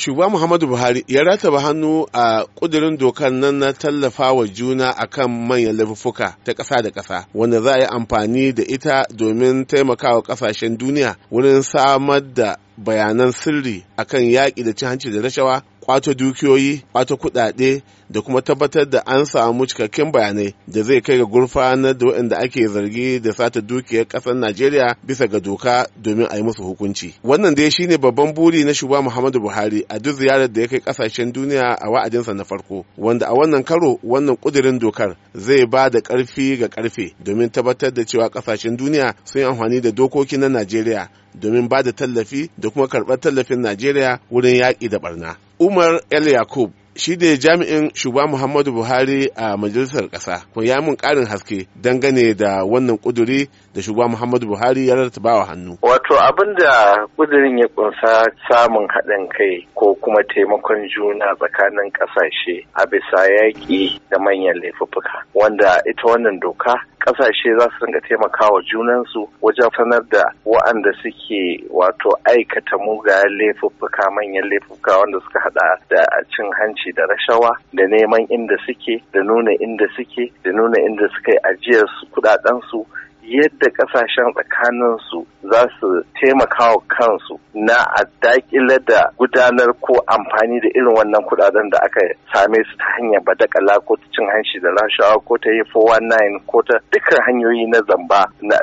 shugaba muhammadu buhari ya rataba hannu a kudirin dokar nan na tallafa wa juna akan manyan laifuffuka ta ƙasa da ƙasa wanda za a yi amfani da ita domin taimakawa ƙasashen duniya wurin samar da bayanan sirri akan yaƙi da cin hanci da rashawa kwato dukiyoyi kwato kuɗaɗe da kuma tabbatar da an samu cikakken bayanai da zai kai ga gurfanar da waɗanda ake zargi da sata dukiyar ƙasar najeriya bisa ga doka domin a yi musu hukunci wannan dai shine babban buri na shugaba muhammadu buhari a duk ziyarar da ya kai ƙasashen duniya a wa'adinsa na farko wanda a wannan karo wannan ƙudirin dokar zai ba da ƙarfi ga ƙarfe domin tabbatar da cewa ƙasashen duniya sun yi amfani da dokoki na najeriya domin ba da tallafi da kuma karɓar tallafin najeriya wurin yaƙi da barna Umar El Yakub shi ne jami'in shugaban Muhammadu Buhari a majalisar ƙasa kuma ya mun ƙarin haske dangane da wannan ƙuduri da shugaban Muhammadu Buhari ya wa hannu. Wato abin da ƙudurin ya ƙunsa samun haɗin kai ko kuma taimakon juna tsakanin ƙasashe a bisa yaƙi da manyan laifuffuka wanda ita wannan doka kasashe za su ringa wa junansu wajen sanar da wa'anda suke wato aikata mugayen laifuffuka manyan laifuffuka wanda suka hada da cin hanci da rashawa da neman inda suke da nuna inda suke da nuna inda suka yi ajiyar su su yadda kasashen tsakanin su za su taimaka wa kansu na a dakile da gudanar ko amfani da irin wannan kudaden da aka same su ta hanyar badakala ko ta cin hanshi da rashawa ko ta yi 419 ko ta dukkan hanyoyi na zamba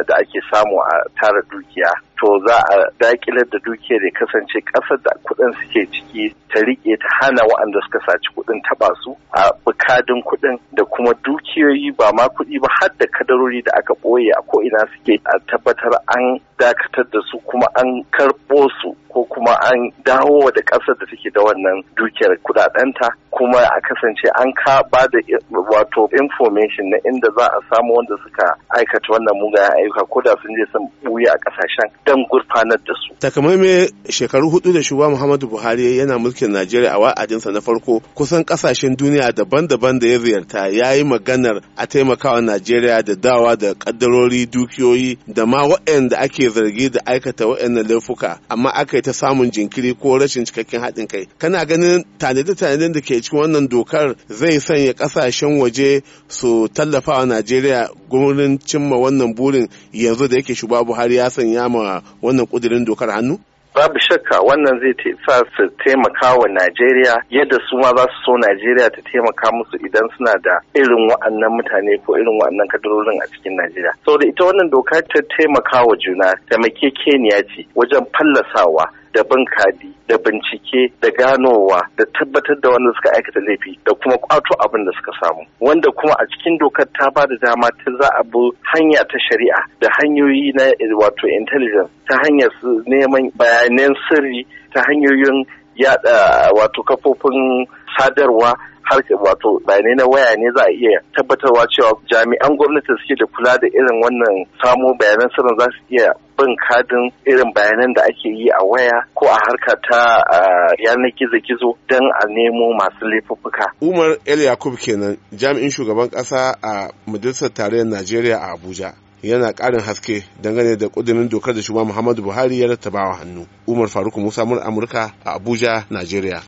da ake samu a tara dukiya to za a dakile da dukiyar ya kasance kasar da kuɗin suke ciki ta riƙe ta hana waɗanda suka saci kuɗin taɓa su a bukadin kuɗin da kuma dukiyoyi ba ma kuɗi ba har da kadarori da aka ɓoye a ko ina suke a tabbatar an dakatar da su kuma an karɓo su ko kuma an dawo da ƙasar da take da wannan dukiyar kuɗaɗenta kuma a kasance an ka ba da wato information na inda za a samu wanda suka aikata wannan mugayen ayyuka ko da sun je sun ɓuya a ƙasashen don gurfanar da su. Takamaimai shekaru hudu da shugaba Muhammadu Buhari yana mulkin Najeriya a wa'adinsa na farko kusan kasashen duniya daban-daban da ya ziyarta ya yi maganar a taimakawa Najeriya da dawa da kaddarori dukiyoyi da ma waɗanda ake zargi da aikata waɗannan laifuka amma aka yi ta samun jinkiri ko rashin cikakken haɗin kai. Kana ganin tanade-tanaden da ke cikin wannan dokar zai sanya kasashen waje su tallafawa Najeriya gurin cimma wannan burin yanzu da yake shugaba buhari ya sanya ma wannan kudirin dokar hannu babu shakka wannan zai sa su taimaka wa najeriya yadda su ma za su so najeriya ta taimaka musu idan suna da irin wa'annan mutane ko irin wa'annan kadarorin a cikin najeriya saboda ita wannan doka ta taimaka wa juna taimakekeniya ce wajen fallasawa da bin kadi da bincike da ganowa da tabbatar da wanda suka aikata laifi da kuma kwato abin da suka samu wanda kuma a cikin dokar ta ba da dama ta za a bi hanya ta shari'a da hanyoyi na wato intelligence ta hanyar neman bayanan sirri ta hanyoyin yada wato kafofin sadarwa harshe wato bayanai na waya ne za a iya tabbatarwa cewa jami'an gwamnati suke da kula da irin wannan samo bayanan sirrin za su iya bin kadin irin bayanan da ake yi a waya ko a harka ta yanar gizo-gizo don a nemo masu laifuffuka. Umar El Yakub kenan jami'in shugaban kasa a Majalisar Tarayyar Najeriya a Abuja. yana ƙarin haske dangane da ƙudurin dokar da shugaban Muhammadu Buhari ya wa hannu. Umar Faruk Musa Amurka a Abuja, Najeriya.